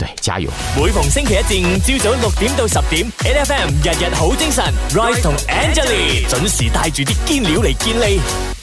對，加油！每逢星期一至五朝早六點到十點 NFM 日日好精神，Ray 同 Angelie 準時帶住啲堅料嚟堅你。